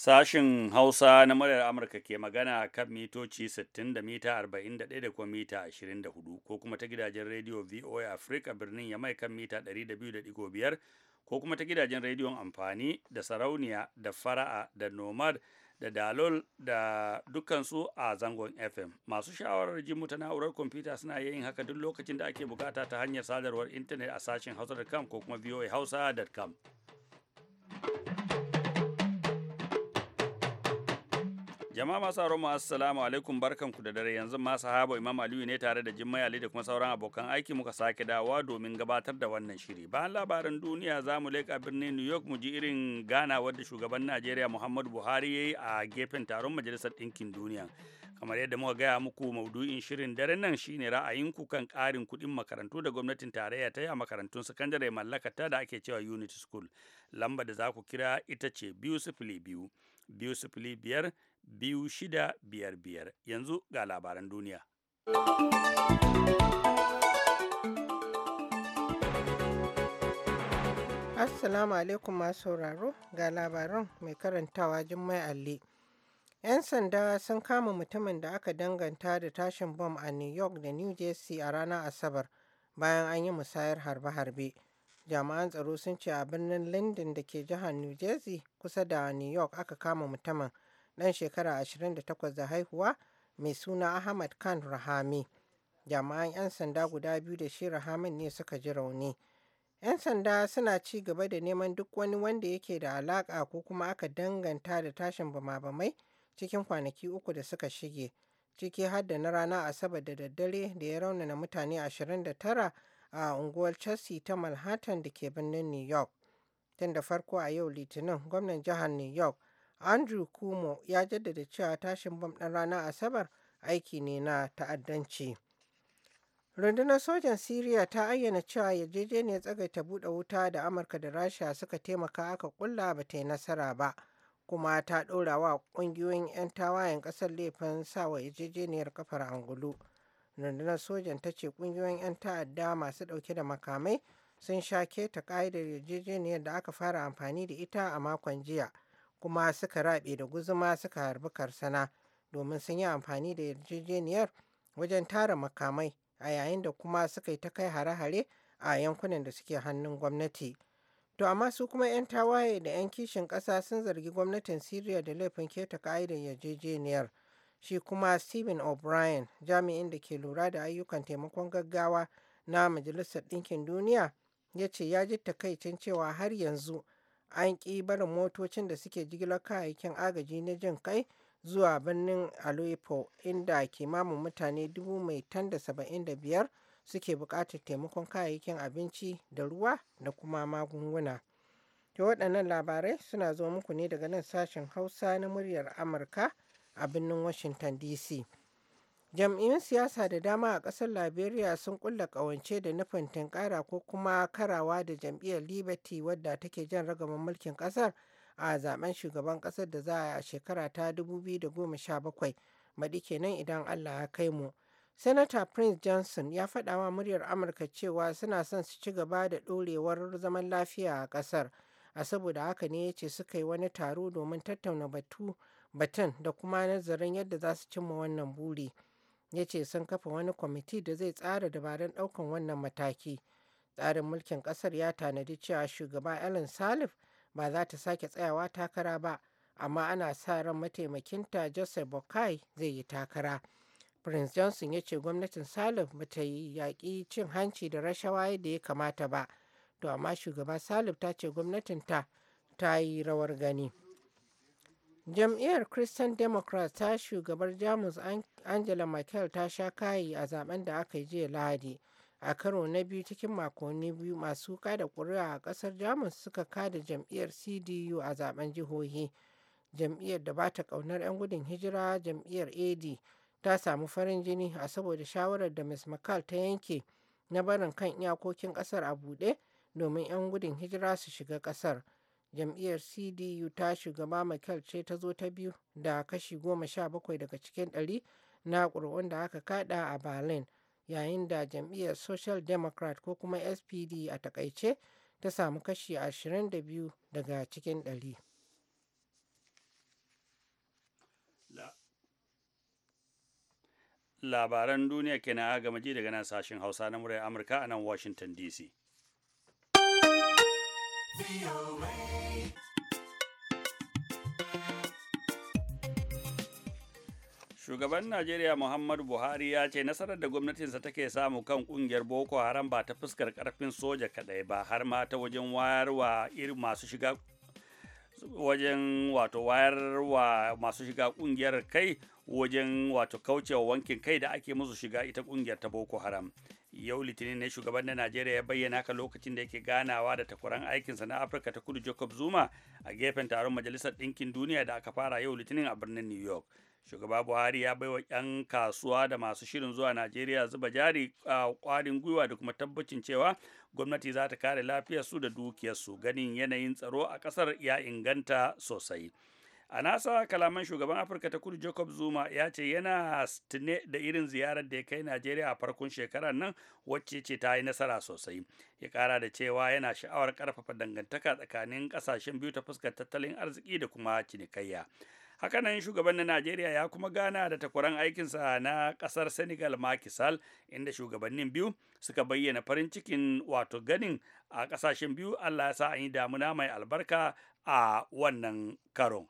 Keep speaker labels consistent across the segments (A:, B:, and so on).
A: Sashin Hausa na muryar Amurka ke magana kan mitoci 60 da mita 41 da kuma mita 24 ko kuma ta gidajen rediyo VOA Africa birnin Yamai kan mita 200.5 ko kuma ta gidajen rediyon amfani da sarauniya da fara'a da nomad da dalol da dukansu a zangon FM. Masu shawarar jin mu ta na'urar kwamfuta suna yin haka duk lokacin da ake bukata ta hanyar sadarwar intanet a sashen hausa.com ko kuma voahausa.com. Jama'a masu mu assalamu alaikum barkanku da dare yanzu ma sahaba Imam Aliyu ne tare da Jimmai Ali da kuma sauran abokan aiki muka sake dawowa domin gabatar da wannan shiri. Bayan labaran duniya za mu leƙa birnin New York mu ji irin ganawar wadda shugaban Najeriya Muhammadu Buhari ya yi a gefen taron Majalisar Ɗinkin Duniya. Kamar yadda muka gaya muku maudu'in shirin dare nan shine ra'ayinku kan ƙarin kuɗin makarantu da gwamnatin tarayya ta yi a makarantun sakandare mallakata da ake cewa Unity School. Lamba da za ku kira ita ce biyu sifili biyu, biyu sifili biyar, biyu shida biyar biyar yanzu ga labaran duniya.
B: Assalamu alaikum masu sauraro ga labaran mai karantawa Jummai Alli. 'Yan sanda sun kama mutumin da aka danganta da tashin bom a New York da New Jersey a ranar Asabar bayan an yi musayar harbe-harbe. Jami'an tsaro sun ce a birnin London da ke jihar New Jersey kusa da New York aka kama mutumin. ɗan shekara 28 da haihuwa mai suna Ahmad Khan Rahami. jama'an 'yan sanda guda biyu da shi Rahamin ne suka ji rauni. 'Yan sanda suna ci gaba da neman duk wani wanda yake da alaka ko kuma aka danganta da tashin bama-bamai cikin kwanaki uku da suka shige, ciki har da na rana Asabar da daddare da ya raunana mutane 29 a unguwar Chelsea ta Manhattan da ke birnin New York. Tun da farko a yau Litinin, gwamnan jihar New York Andrew Cuomo ya jaddada cewa tashin bam ɗin rana Asabar aiki ne na ta'addanci. Rundunar sojan Siriya ta ayyana cewa yarjejeniyar tsagaita buɗe wuta da Amurka da Rasha suka taimaka aka kulla ba ta yi nasara ba, kuma ta ɗora wa ƙungiyoyin 'yan tawayen ƙasar laifin sawa yarjejeniyar kafar angulu. Rundunar sojan ta ce ƙungiyoyin 'yan ta'adda masu ɗauke da makamai sun sha keta ƙa'idar yarjejeniyar da aka fara amfani da ita a makon jiya. kuma suka raɓe da guzuma suka harbi karsana domin sun yi amfani da yarjejeniyar wajen tara makamai a yayin da kuma suka yi ta kai hare-hare a yankunan da suke hannun gwamnati. To amma su kuma 'yan tawaye da 'yan kishin ƙasa sun zargi gwamnatin Siriya da laifin keta ka'idar yarjejeniyar. Shi kuma Stephen O'Brien, jami'in da ke lura da ayyukan taimakon gaggawa na Majalisar Ɗinkin Duniya, ya ce ya ji takaicin cewa har yanzu an ƙi barin motocin da suke jigilar kayayyakin agaji na jin kai zuwa birnin Aleppo inda kimamin mutane dubu mai tan da saba'in da biyar suke buƙatar taimakon kayayyakin abinci da ruwa da kuma magunguna. To waɗannan labarai suna zo muku ne daga nan sashen Hausa na muryar Amurka a birnin Washington DC. jam'iyyun siyasa da dama a ƙasar liberia sun kulla ƙawance da nufin tunkara ko kuma karawa da jam'iyyar liberty wadda take jan ragaman mulkin ƙasar a zaben shugaban ƙasar da za a yi a shekara ta 2017 baɗi kenan idan allah ya kai mu Senator Prince Johnson ya faɗa wa muryar Amurka cewa suna son su ci gaba da ɗorewar zaman lafiya a kasar a saboda haka ne ya ce suka yi wani taro domin tattauna batu batun da kuma nazarin yadda za su cimma wannan buri. ya ce sun kafa wani kwamiti da zai tsara dabarun ɗaukan wannan mataki tsarin mulkin kasar ya tanadi cewa shugaba ellen salif ba za ta sake tsayawa takara ba amma ana sa ran mataimakinta joseph bokai zai yi takara prince johnson ya ce gwamnatin salif ba ta yi yaƙi cin hanci da rashawa yadda ya kamata ba to amma shugaba salif ta ce gwamnatinta ta yi rawar gani. Jam'iyyar Christian Democrat ta shugabar Jamus Angela Merkel ta sha kayi a zaben da aka yi jiya Lahadi, a karo na biyu cikin makonni biyu masu kada kuri'a a kasar Jamus suka kada jam'iyyar CDU a zaben jihohi. Jam'iyyar da bata kaunar 'yan gudun hijira jam'iyyar AD ta samu farin jini a saboda shawarar da Ms. Merkel ta yanke na barin kan iyakokin kasar a buɗe domin 'yan gudun hijira su shiga kasar. jam'iyyar cdu ta shugaba michael ce ta zo ta biyu da kashi goma sha bakwai daga cikin ɗari na ƙuri'un da aka kada a berlin yayin da jam'iyyar social democrat ko kuma spd a takaice ta samu kashi ashirin da biyu daga cikin ɗari.
A: labaran duniya kenan a gama daga nan sashen hausa na muryar amurka a nan washington dc shugaban najeriya muhammadu buhari ya ce nasarar da gwamnatinsa take samu kan kungiyar boko haram ba ta fuskar karfin soja kadai ba har ma ta wajen wayarwa irin masu shiga wajen wato wayarwa masu shiga kungiyar kai wajen wato kaucewa wankin kai da ake musu shiga ita kungiyar ta boko haram yau litinin ne shugaban na najeriya ya bayyana ka lokacin da yake ganawa da takwaran aikinsa na afirka ta kudu jacob zuma a gefen taron majalisar ɗinkin duniya da aka fara yau litinin a birnin new york shugaba buhari ya baiwa 'yan kasuwa da masu shirin zuwa najeriya zuba jari a kwarin gwiwa da kuma tabbacin cewa gwamnati za ta kare lafiyarsu da dukiyarsu ganin yanayin tsaro a ƙasar ya inganta sosai a nasa kalaman shugaban afirka ta kudu jacob zuma ya ce yana tune da irin ziyarar da ya kai najeriya a farkon shekarar nan wacce ce ta yi nasara sosai ya kara da cewa yana sha'awar karfafa dangantaka tsakanin kasashen biyu ta fuskar tattalin arziki da kuma cinikayya hakanan shugaban na najeriya ya kuma gana da takwaran aikinsa na kasar senegal makisal inda shugabannin biyu suka bayyana farin cikin wato ganin a kasashen biyu allah ya sa an yi damuna mai albarka a wannan karon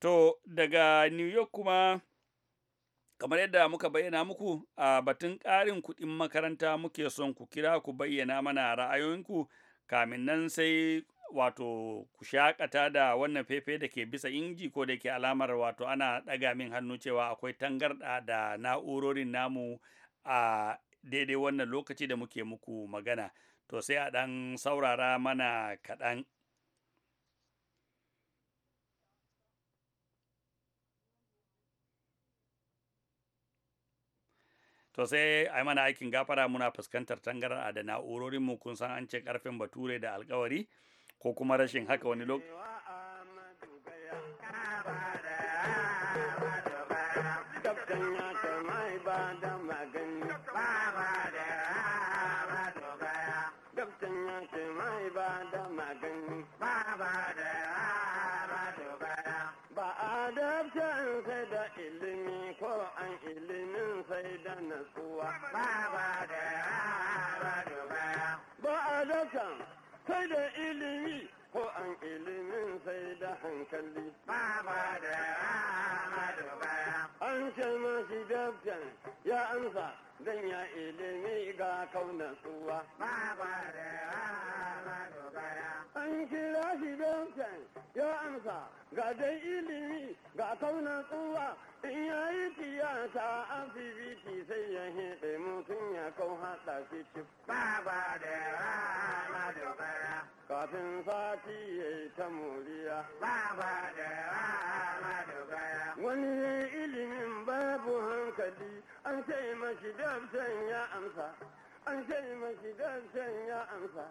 A: to daga new york kuma kamar yadda muka bayyana muku a batun ƙarin kuɗin makaranta muke son ku kira ku bayyana mana ra'ayoyinku kamin nan sai wato ku shaƙata da wannan fefe da ke bisa inji ko da ke alamar wato ana ɗaga min hannu cewa akwai tangarɗa da na'urorin namu a daidai wannan lokaci da muke muku magana to sai a ɗan saurara mana kaɗan sosai a ai mana aikin gafara muna fuskantar a da na'urorin mu kun san an ce karfin bature da alkawari ko kuma rashin haka wani lokaci
C: ba a da natsuwa ba ba da ba da ba ba a dakan sai da ilimi ko an ilimin sai da hankali ba ba da ba da ba an ce mashi dabtan ya amsa zan ya ilimi ga kauna tsuwa. Baba da ba dogara. An kira shi Benson ya amsa ga dai ilimi ga kauna tsuwa in ya yi tiyata asibiti sai ya hiɗe mutum ya kau haɗa shi cif. Baba da ba dogara. Kafin sati ya yi ta moriya. Baba da ba dogara. Wani ilimin babu hankali an ce mashi damsan ya amsa an ce mashi damsan ya amsa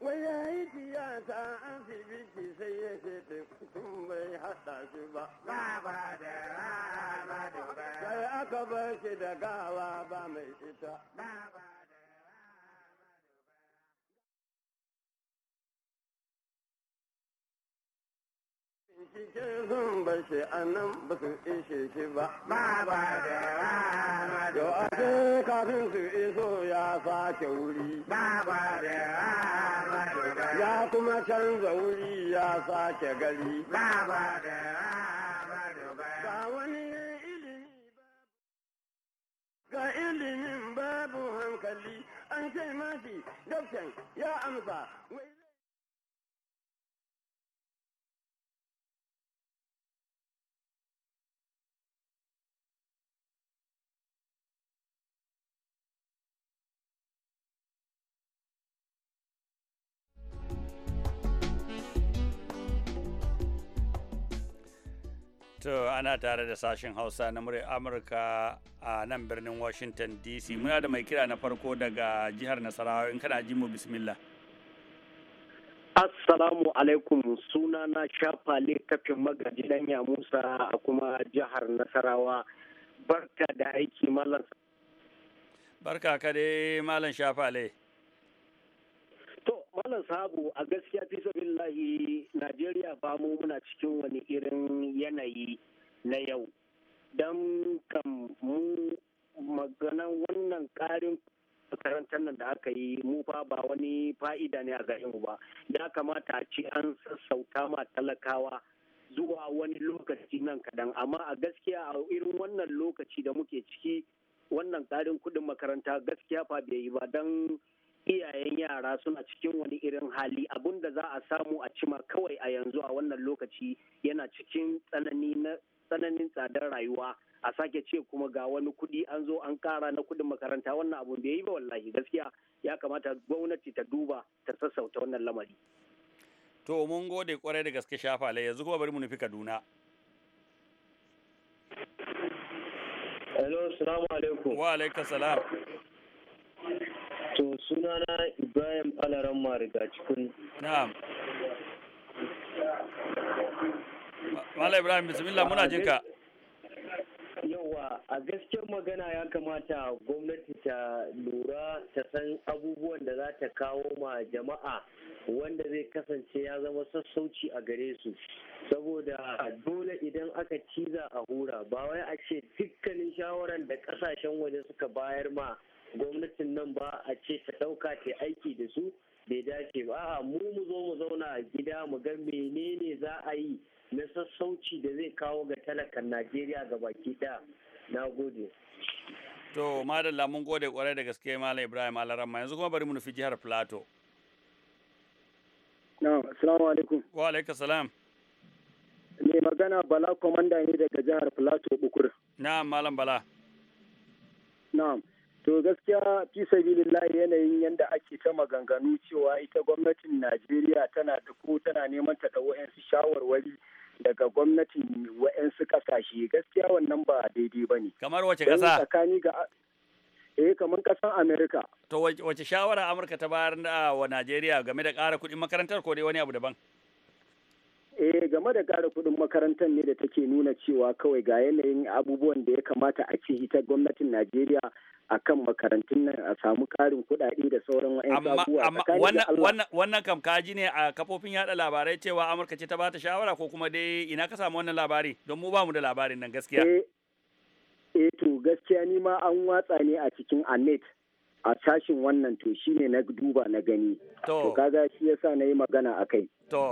C: wai ya yi tiyata asibiti sai ya ce tekutun bai haɗa shi ba ba da rama da ba Sai aka bar shi da gawa ba mai ita Cikin sun bashi annan ba su ishe shi ba. Ba ba da kafin su iso ya sace wuri. Ba ba da da Ya kuma canza wuri ya sace gari. Ba ba da da wani ilimi ba. Ga ilimin babu hankali an ce mashi ya amsa.
A: To ana tare da sashen Hausa na murya Amurka a nan birnin Washington DC. Muna da mai kira na farko daga jihar Nasarawa in kana ji mu bismillah.
D: Assalamu alaikum suna na shafale kafin magaji dan ya Musa a kuma jihar Nasarawa. Barka da aiki malam.
A: Barka ka dai malam shafale.
D: wannan sabu a gaskiya fi billahi Najeriya ba mu muna cikin wani irin yanayi na yau. Don kan mu maganan wannan karin makarantar nan da aka yi mu fa ba wani fa'ida ne a mu ba. Ya kamata a ci an sassauta ma talakawa zuwa wani lokaci nan kadan amma a gaskiya a irin wannan lokaci da muke ciki wannan karin kudin makaranta gaskiya fa bai yi ba don iyayen yara suna cikin wani irin hali abun da za a samu a cima kawai a yanzu a wannan lokaci yana cikin tsananin tsadar rayuwa a sake ce kuma ga wani kudi an zo an kara na kudin makaranta wannan abun bai yi ba wallahi gaskiya ya kamata gwamnati ta duba ta sassauta wannan lamari.
A: To mun gode kwarai da gaske shafa lai yanzu kuma bari mu nufi Kaduna.
D: Hello, salamu alaikum. Wa alaikum salam. To sunana Ibrahim Alaran Mariga cikin. Na'am. Mala Ibrahim bismillah muna jin ka. Yawa a gaskiyar magana ya kamata gwamnati ta lura ta san abubuwan da za ta kawo ma jama'a wanda zai kasance ya zama sassauci a gare su. Saboda dole idan aka ciza a hura ba wai a ce dukkanin shawaran da kasashen waje suka bayar ma gwamnatin nan ba a ce ta ɗauka ta aiki da su bai dace ba a mu mu zo mu zauna a gida mu ga menene za a yi na sassauci da zai kawo ga talakan najeriya ga baki ɗaya na gode
A: to madalla mun gode kwarai da gaske malam ibrahim alaramma yanzu kuma bari mu nufi jihar plato
D: na'am assalamu alaikum wa
A: alaikum salam
D: mai magana bala komanda ne daga jihar plato bukur
A: na'am malam bala
D: na'am To gaskiya fi sabilillahi yanayin yadda ake ta maganganu cewa ita gwamnatin Najeriya tana da ko tana neman ta dawo wa'yansu shawarwari daga gwamnatin wa'yansu kasashe gaskiya wannan ba daidai ba ne.
A: Kamar wace ƙasa?
D: Tsakani ga eh kamar ƙasar Amerika.
A: To wace shawara Amurka ta bayar da ah, wa Najeriya game da ƙara kuɗin makarantar ko dai wani abu daban?
D: eh game da gara kudin makarantar ne da take nuna cewa kawai ga yanayin abubuwan da ya kamata a ce ta gwamnatin najeriya a kan makarantun nan a samu ƙarin kuɗaɗe da sauran wa'in abubuwa amma
A: wannan kam kaji ne a kafofin yada labarai cewa amurka ce ta bata shawara ko kuma dai ina ka samu wannan labari don mu bamu da labarin nan gaskiya eh,
D: eh to gaskiya ni ma an watsa ne a cikin anet a sashin wannan to shine na duba na gani to kaga shi yasa na yi magana a kai to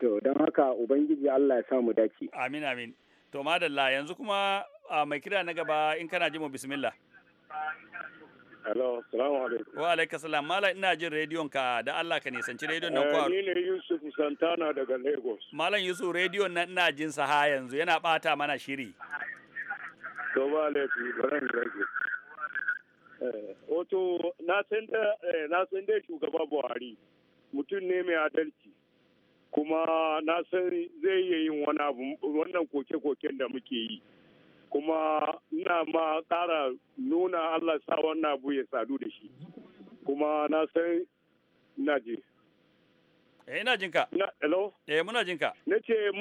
D: To don haka Ubangiji Allah ya samu dace. Amin amin.
A: To madalla yanzu kuma mai kira na gaba in kana ji mu bismillah.
D: Hello, salamu alaikum. Wa
A: alaika salam. Malam ina jin rediyon ka da Allah ka nisanci rediyon nan eh, kwa. Ni
D: ne Yusuf Santana daga Lagos.
A: Malam Yusuf rediyon nan ina jin sa ha yanzu yana bata mana shiri.
D: To ba laifi, bari in Eh, Wato na san da eh, na san da shugaba Buhari mutum ne mai adalci. kuma na san zai iya yin wani abu wannan koke-koken da muke yi kuma ina ma ƙara nuna allah sa wannan abu ya sadu da shi kuma na san ina je
A: Eh ina jinka. Na hello. Eh muna jinka.
D: Nace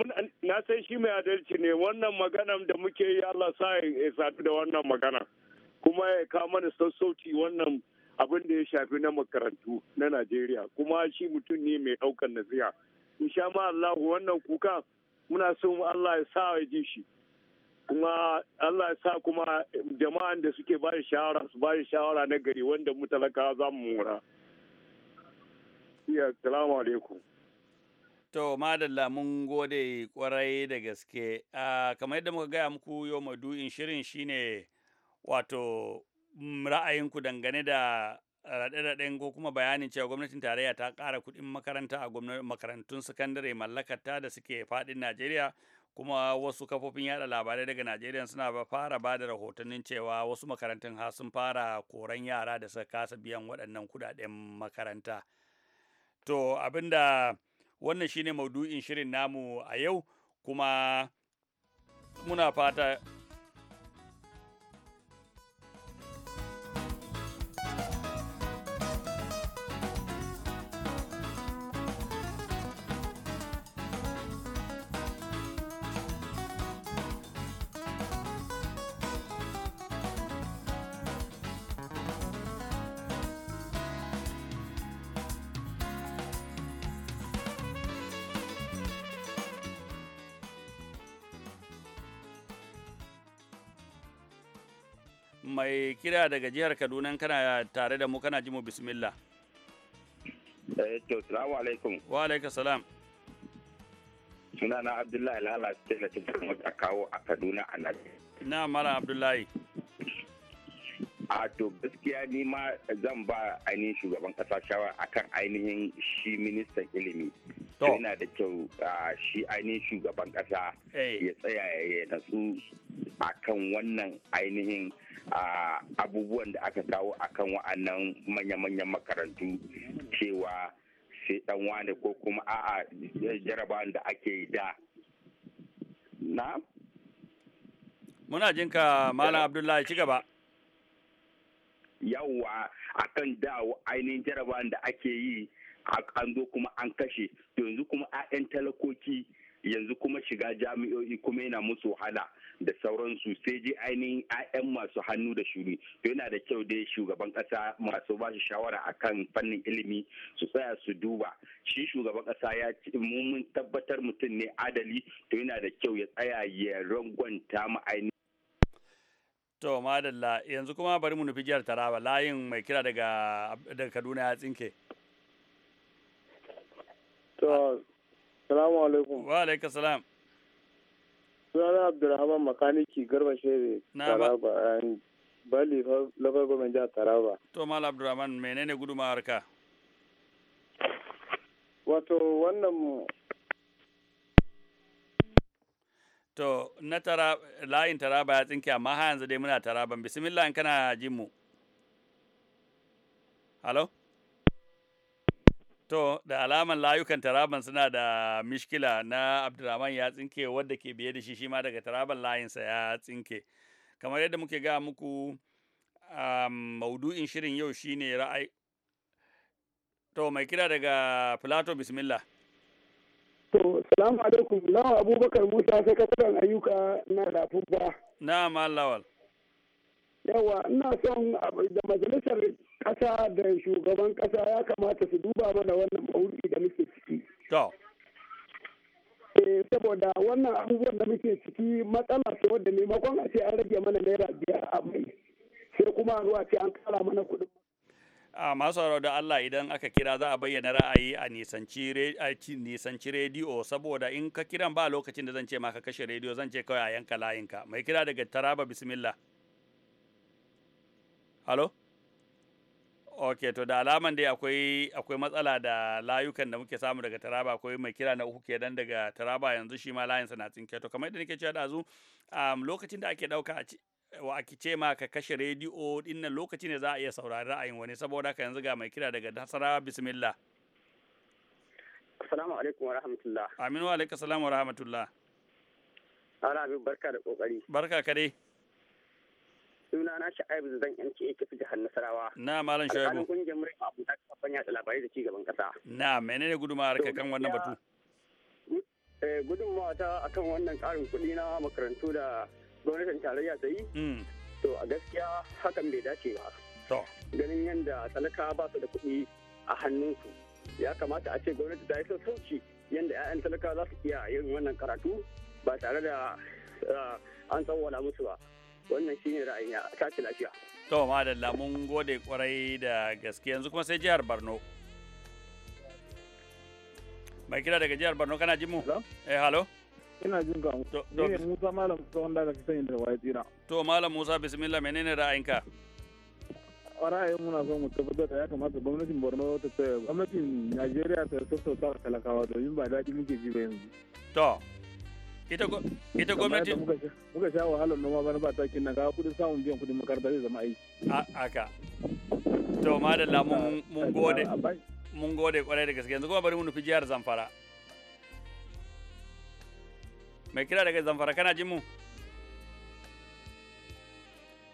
D: na san shi mai adalci ne wannan magana da muke yi Allah sa ya sadu da wannan magana. Kuma ya ka mana sassauci wannan abin da ya shafi na makarantu na Najeriya kuma shi mutum ne mai daukar nasiha insha ma Allah wannan kuka muna son Allah ya sa ya ji shi kuma Allah ya sa kuma jama'an da suke ba shawara su ba shawara na gari wanda mu talakawa za mu mura. ya salamu alaikum.
A: To, madalla mun gode kwarai da gaske. kamar yadda muka gaya muku yau madu'in shirin shine wato mm, ra'ayinku dangane da raɗe-raɗen ko kuma bayanin cewa gwamnatin tarayya ta ƙara kuɗin makaranta a makarantun sakandare mallakata da suke faɗin Najeriya kuma wasu kafofin yada labarai daga Najeriya suna fara ba da rahotannin cewa wasu makarantun ha sun fara koran yara da suka kasa biyan waɗannan kuɗaɗen makaranta. To abinda wannan shine maudu'in shirin namu a yau kuma muna fata mai kira daga jihar Kaduna kana tare da mu kana ji mu bismillah.
E: Eh to salamu alaikum. Wa alaikum salam. Sunana Abdullahi Lala Stella ta mota kawo a Kaduna a nan. Na mara Abdullahi. A to gaskiya ni ma zan ba ainihin shugaban kasa shawara akan ainihin shi ministan ilimi. To. Yana da kyau shi ainihin shugaban kasa eh. ya tsaya ya nasu akan wannan ainihin a abubuwan da aka kawo akan wa'annan manya-manyan makarantu cewa sai dan wane ko kuma a'a jarabawan da ake da na
A: muna jinka malam abdullahi ci gaba
E: yawwa akan da ainihin jarabawan da ake yi a zo kuma an kashe to yanzu kuma 'ya'yan talakoki yanzu kuma shiga jami'o'i kuma yana musu wahala da sauransu sai je ainihin 'ya'yan masu hannu da shuri to yana da kyau dai shugaban kasa masu ba shi shawara kan fannin ilimi su tsaya su duba shi shugaban kasa ya ce mun tabbatar mutum ne adali to yana da kyau ya tsaya ya rangwanta mu ainihin
A: To madalla yanzu kuma bari mu nufi jihar Taraba layin mai kira daga daga Kaduna ya tsinke.
D: To Salamu alaikum. Wa alaikum salam. Sunana Abdulrahman Makaniki Garba Shere. Na ba. Eh, Bali local government jihar Taraba.
A: To Mal Abdulrahman menene gudumawar ka?
D: Wato wannan
A: To na tara layin Taraba ya tsinke amma har yanzu dai muna Taraban. Bismillah in kana jin mu. Halo? To, da alaman layukan taraban suna da mishkila na Abdulrahman ya tsinke wadda ke biye da shi shi ma daga taraban layinsa ya tsinke. Kamar yadda muke ga muku um, maudu'in shirin yau shi ne ra'ayi. To, mai kira daga Filato Bismillah.
D: To, salamu alaikum, lawa Abubakar Musa sai sakataren ayyuka na da
A: Na'am, Lawal.
D: yawa ina son da majalisar kasa da shugaban kasa ya kamata su duba mana wannan mawuri da muke ciki eh, saboda wannan abubuwan da muke ciki matsala ce wadda maimakon a ce an rage mana naira biyar a mai sai kuma zuwa ce an kara mana kuɗin
A: a masu da Allah idan aka kira za a bayyana ra'ayi a nisanci rediyo saboda in ka kiran ba lokacin da zan ce ma ka kashe rediyo zan ce kawai a yanka layinka mai kira daga taraba bismillah halo ok to da alaman dai akwai akwai matsala da layukan da muke samu daga taraba akwai mai kira na uku kenan daga taraba yanzu shi ma layinsa na tsinke to kamar yadda nake cewa dazu um, lokacin da ake ɗauka a wa ake ce ma ka kashe rediyo din nan lokaci ne za a iya saurari ra'ayin wani saboda haka yanzu ga mai kira daga nasara bismillah
D: assalamu alaikum wa rahmatullah
A: Aminu wa alaikum wa rahmatullah
D: ana barka da kokari
A: barka ka dai
D: suna na sha'aibu zan yanci ake fi jihar nasarawa
A: na malam sha'aibu alƙalin
D: kungiyar murai ta kafan da labarai da cigaban kasa
A: na menene gudumawar ka kan wannan batu
D: eh, gudunmawa ta akan wannan karin kuɗi na makarantu da gwamnatin tarayya ta yi mm. to a gaskiya hakan bai dace ba ganin yadda talaka ba su da kuɗi a hannunsu ya kamata a ce gwamnati ta yi sassauci yadda 'ya'yan talaka za su iya yin wannan karatu ba tare da eh, an tsawwala musu ba wannan shine ra'ayi a tashi lafiya
A: to madalla mun gode kwarai da gaske yanzu kuma sai jihar barno mai kira daga jihar barno kana jin mu eh halo
D: ina jin ka ne Musa Malam Musa wanda ka sani da waye tsira
A: to Malam Musa bismillah menene ra'ayinka
D: ra'ayin muna so mu tabbatar da ya kamata gwamnatin Borno ta tsaya gwamnatin Najeriya ta sassauta talakawa domin ba daɗi muke ji ba yanzu
A: to ita gwamnati muka sha wahalar noma bana ba takin nan ga kudin samun biyan kudin makaranta zai zama aiki haka to madalla mun gode mun gode kwarai da gaske yanzu kuma bari mu nufi jihar zamfara mai kira daga zamfara kana jin mu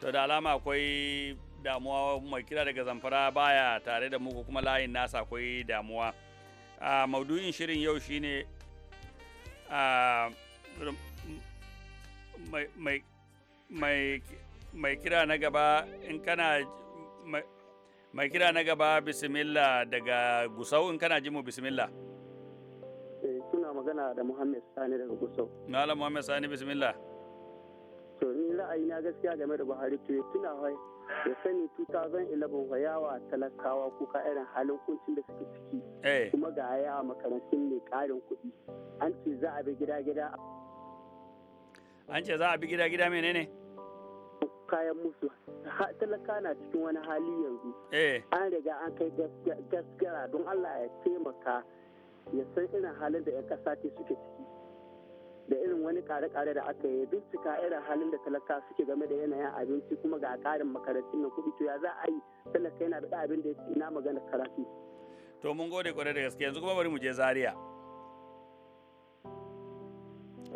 A: to da alama akwai damuwa mai kira daga zamfara baya tare da mu ko kuma layin nasa akwai damuwa a ah, maudu'in shirin yau shine a uh, mai kira na gaba in kana mai kira na gaba bismillah daga gusau in kana jimu bismillah
D: eh, kuna magana da muhammad sani daga gusau
A: Nala muhammad sani bismillah
D: to ni ra'ayi na gaskiya game da buhari to tuna wai ya sani 2011 wa yawa talakawa kuka irin halin kuncin da suke ciki eh. kuma ga yawa makarantun mai karin kuɗi an ce za a bi gida-gida
A: an ce za a bi gida gida menene
D: kayan musu talaka na cikin wani hali yanzu eh. an riga an kai gaskara don allah ya taimaka ya san irin halin da 'yan kasa ce suke ciki da irin wani kare-kare da aka yi bincika irin halin da talaka suke game da yanayin abinci kuma ga karin makarantun na kuɗi to ya za a yi talaka yana da abin da ya ina magana karatu
A: to mun gode kwarai da gaske yanzu kuma bari mu je Zariya.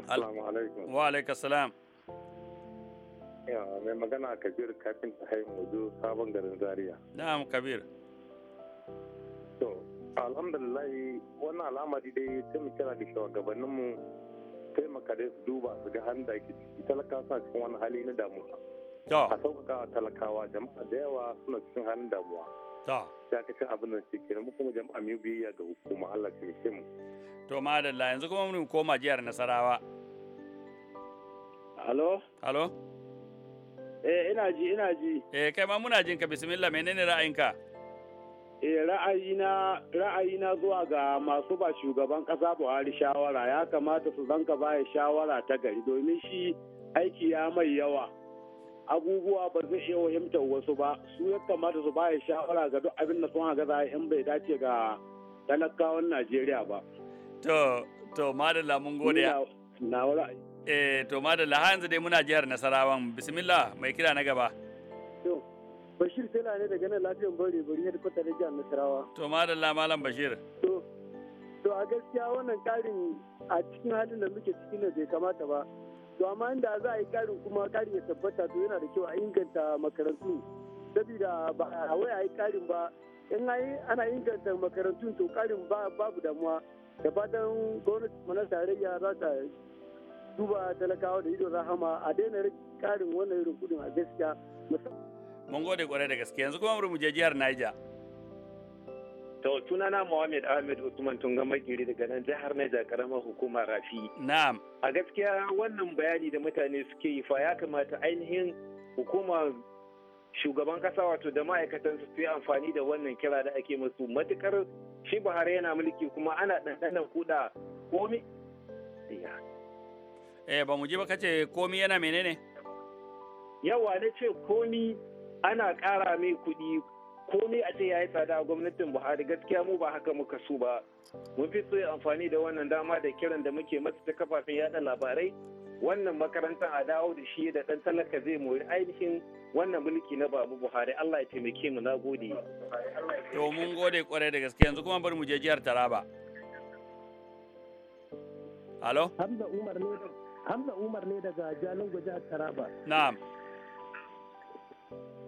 A: Assalamu
C: alaikum.
D: Wa
A: alaikum salam.
C: mai
D: magana Kabir kafin ta haihu wajo sabon garin Zaria.
A: Na'am Kabir.
D: To, alhamdulillah wannan al'amari dai sai mu kira da shugabanninmu taimaka dai su duba su ga hannun da ake ciki talaka sa cikin wani hali na damuwa. To. a sauƙaƙa talakawa jama'a da yawa suna cikin halin damuwa To. ya kace abin da ke kenan kuma jama'a mu biyayya ga hukuma Allah ya mu
A: to madalla yanzu kuma mun koma jihar Nasarawa Halo? Halo?
D: Eh, ina ji, ina ji.
A: Eh, kai ma muna jin ka bismillah menene ra'ayinka?
D: Eh, ra'ayina ra'ayina zuwa ga masu ba shugaban kasa Buhari shawara ya kamata su zanka baya shawara ta gari domin shi aiki ya mai yawa. Abubuwa ba zai iya fahimtar wasu ba, su ya kamata su baya shawara ga duk abin da sun haga in bai dace ga talakawan Najeriya ba.
A: To, to, madalla mun gode. Na, na eh to madalla har yanzu dai muna jihar Nasarawan bismillah mai kira na gaba
D: to Bashir tana ne daga nan lafiyan bare bari ya kwata da jihar Nasarawa
A: to madalla malam Bashir to
D: to a gaskiya wannan karin a cikin halin da muke cikin da bai kamata ba to amma inda za a yi karin kuma karin ya tabbata to yana da kyau a inganta makarantu saboda ba a wai a yi karin ba in ana inganta makarantu to karin babu damuwa da fatan gwamnati mana tarayya za ta duba talakawa da ido rahama a daina karin wannan irin kudin a gaskiya
A: mun gode kwarai da gaske yanzu kuma mu je jihar Niger
D: to na Muhammad Ahmed Usman tun ga Magiri daga nan jihar Niger karamar hukumar Rafi na'am a gaskiya wannan bayani da mutane suke yi fa ya kamata ainihin hukumar shugaban kasa wato da ma'aikatan su yi amfani da wannan kira da ake musu matukar shi Buhari yana mulki kuma ana ɗanɗanan kuɗa komi.
A: eh ba mu ji ba kace komi yana menene
D: yawa na ce komi ana ƙara mai kuɗi komi a ce ya yi tsada a gwamnatin buhari gaskiya mu ba haka muka so ba mun fi so amfani da wannan dama da kiran da muke masa ta kafafen yada labarai wannan makarantar a dawo da shi da ɗan talaka zai mori ainihin wannan mulki na babu buhari allah ya taimake mu na gode
A: to mun gode kwarai da gaske yanzu kuma bari mu je jihar taraba Halo?
D: hamza umar ne Hamza Umar ne daga Jalingo jihar Taraba. Na'am.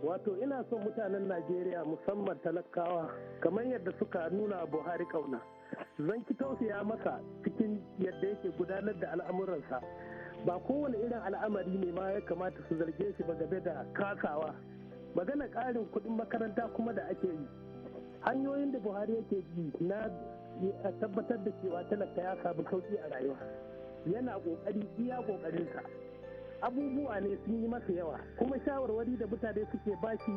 D: Wato ina son mutanen Najeriya musamman talakawa kamar yadda suka nuna Buhari kauna. Zan ki tausaya masa cikin yadda yake gudanar da al'amuransa. Ba kowane irin al'amari ne ma ya kamata su zarge shi ba game da kasawa. Magana ƙarin kuɗin makaranta kuma da ake yi. Hanyoyin da Buhari yake bi na tabbatar da cewa talaka ya samu sauƙi a rayuwa. yana kokari iya kokarinsa abubuwa ne sun yi masa yawa kuma shawarwari da mutane suke baki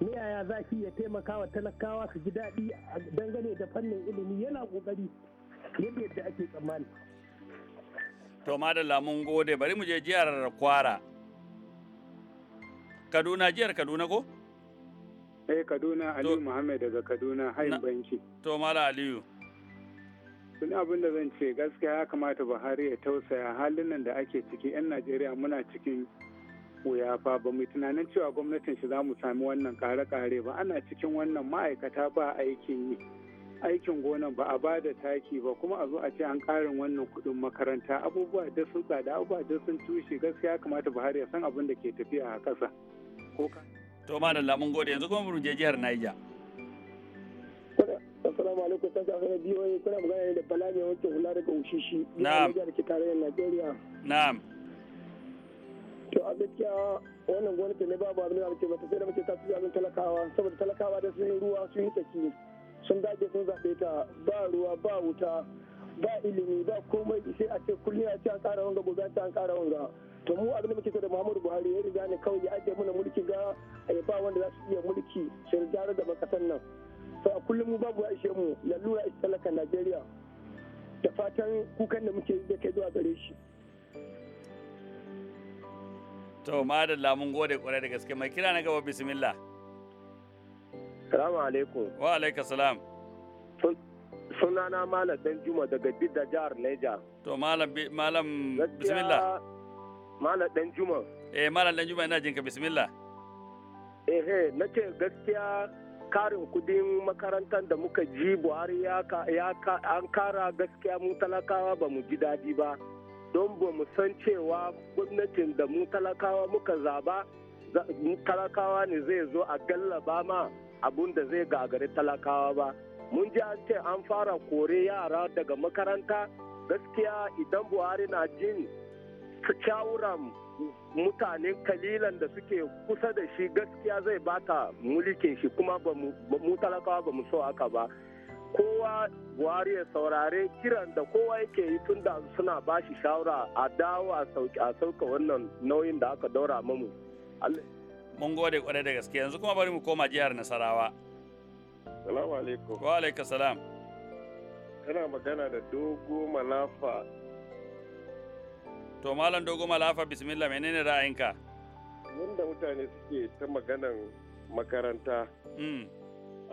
D: ne yaya za shi ya taimaka wa talakawa su ji daɗi dangane da fannin ilimi yana kokari yadda yadda ake tsammani
A: to madalla mun gode bari mu je jihar kwara kaduna jihar kaduna ko
D: eh kaduna aliyu muhammad daga kaduna hayin banki
A: to mala aliyu
D: tuni abin da zan ce gaskiya ya kamata buhari ya tausaya halin nan da ake ciki 'yan najeriya muna cikin wuya fa ba mu tunanin cewa gwamnatin shi za mu sami wannan kare-kare ba ana cikin wannan ma'aikata ba aikin yi aikin gonan ba a ba da taki ba kuma a zo a ce an karin wannan kudin makaranta abubuwa da sun tsada abubuwa da sun tushe gaskiya kamata buhari ya san abin da ke tafiya a ƙasa.
A: to da lamun gode yanzu kuma mu je niger.
D: Assalamu alaikum san ka sanar BOA kuna magana ne da Bala mai wanke hula daga Ushishi. Na'am. Da ke tarayyar Najeriya. Na'am. To a gaskiya wannan gwamnati ne babu abin da muke mata sai da muke tasu abin talakawa saboda talakawa da sun ruwa sun yi tsaki sun dage sun zaɓe ta ba ruwa ba wuta ba ilimi ba komai sai a ce kullum a ce an ƙara wanga gobe a an ƙara wanga. to mu abin da muke da Muhammadu Buhari ya riga ne kawai ya ajiye mana mulki ga ya ba wanda za su iya mulki sai gyara da makasar nan to a kullum mu babu aishe mu lalura ita talaka najeriya da fatan kukan da muke da kai zuwa gare shi
A: to madalla mun gode kwarai da gaske mai kira na gaba bismillah
D: salamu alaikum wa
A: alaikum salam
D: sunana malam dan juma daga bidda jihar leja
A: to malam malam bismillah
D: malam dan juma
A: eh malam dan juma ina jinka bismillah
D: eh eh nake gaskiya karin kudin makarantar da muka ji buhari ya an kara gaskiya mu talakawa ba mu ji daɗi ba don ba mu san cewa gwamnatin da mu talakawa muka zaba talakawa ne zai zo a gallaba ma abun da zai gagari talakawa ba mun ji an ce an fara kore yara daga makaranta gaskiya idan buhari na jin shawuran mutane kalilan da suke kusa da shi gaskiya zai bata mulkin shi kuma mu talakawa ba mu so haka ba kowa buhari ya saurare kiran da kowa yake yi tun da suna ba shi shawara a dawo a sauka wannan nauyin da aka daura mamu
A: mun gode kwarai da gaske yanzu kuma bari mu koma jihar nasarawa salamu alaikum wa alaikum salam
C: kana magana da dogo malafa
A: To Malam Dogo Malafa bismillah menene ra'ayinka?
C: wanda
D: mutane suke ta maganan makaranta. Hmm.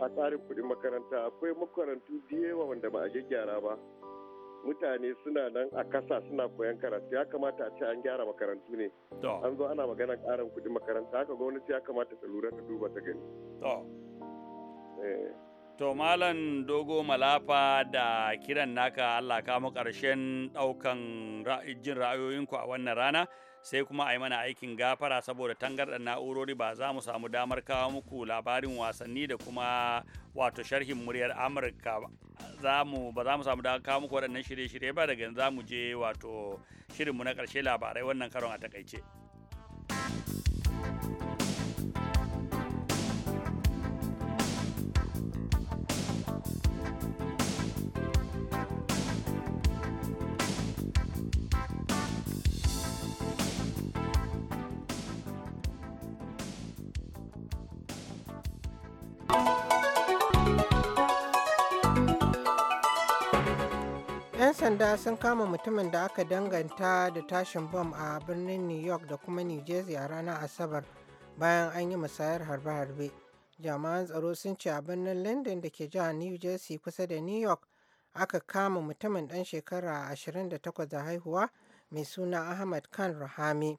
D: A tsarin kuɗin makaranta akwai makarantu da yawa wanda ba a gyara ba. Mutane suna nan a kasa suna koyan karatu ya kamata a ce an gyara makarantu ne. An zo ana maganan ƙarin kuɗin makaranta haka gwamnati ya kamata ta lura ta duba ta gani. Eh.
A: To Malam Dogo Malafa da kiran naka Allah kamo karshen daukan jin ra'ayoyinku a wannan rana sai kuma a yi mana aikin gafara saboda tangarɗar na'urori ba za mu samu damar kawo muku labarin wasanni da kuma wato sharhin muryar Amurka ba za mu samu damar kawo muku waɗannan shirye-shirye ba daga za mu je wato shirinmu na ƙarshe labarai wannan karon a takaice.
B: sanda sun kama mutumin da aka danganta da tashin bom a birnin New York da kuma New Jersey a ranar Asabar bayan an yi musayar harbe-harbe. Jami'an tsaro sun ce a birnin London da ke jihar New Jersey kusa da New York aka kama mutumin dan shekara 28 da haihuwa mai suna Ahmad Khan Rahami.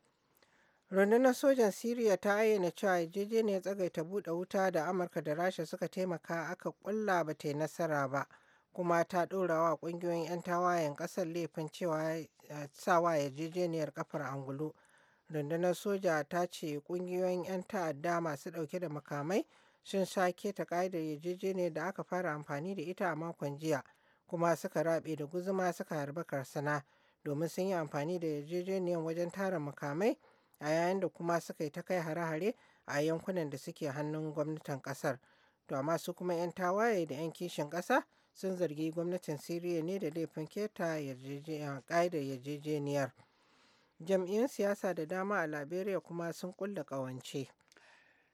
B: Rundunar sojan Siriya ta ayyana cewa yarjejeniyar tsagaita bude wuta da Amurka da Rasha suka taimaka aka ƙulla ba ta yi nasara ba. kuma ta ɗora wa ƙungiyoyin 'yan tawayen ƙasar laifin cewa eh, sawa yarjejeniyar ƙafar angulu rundunar soja ta ce ƙungiyoyin 'yan ta'adda masu ɗauke da makamai sun sake ta ƙa'idar yarjejeniyar da aka fara amfani da ita a makon jiya kuma suka raɓe da guzuma suka harbi karsana domin sun yi amfani da yarjejeniyar wajen tara makamai a yayin da kuma suka yi ta kai hare-hare a yankunan da suke hannun gwamnatin ƙasar to amma su kuma 'yan tawaye da 'yan kishin ƙasa sun zargi gwamnatin Siriya ne da laifin keta ƙa'idar yarjejeniyar. Jam'iyyun siyasa da dama a Liberia kuma sun kulla ƙawance.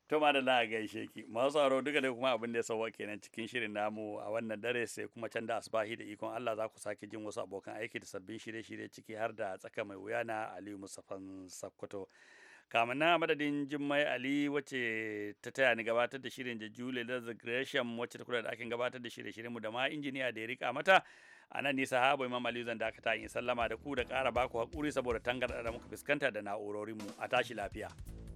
A: to ma da la gaishe ki masu tsaro duka dai kuma abin da ya sauwa kenan cikin shirin namu a wannan dare sai kuma can da asbahi da ikon Allah za ku sake jin wasu abokan aiki da sabbin shirye-shirye ciki har da tsaka mai wuya na Aliyu Mustafan Sakkwato. kamun madadin jummai ali wacce ta taya ni gabatar da shirin da julie lazar gresham wacce ta kula da akin gabatar da shirye-shiryen mu da ma injiniya da ya rika mata a nan nisa habu imam ali zan dakata in sallama da ku da ƙara baku haƙuri saboda tangar da muka fuskanta da na'urorinmu a tashi lafiya.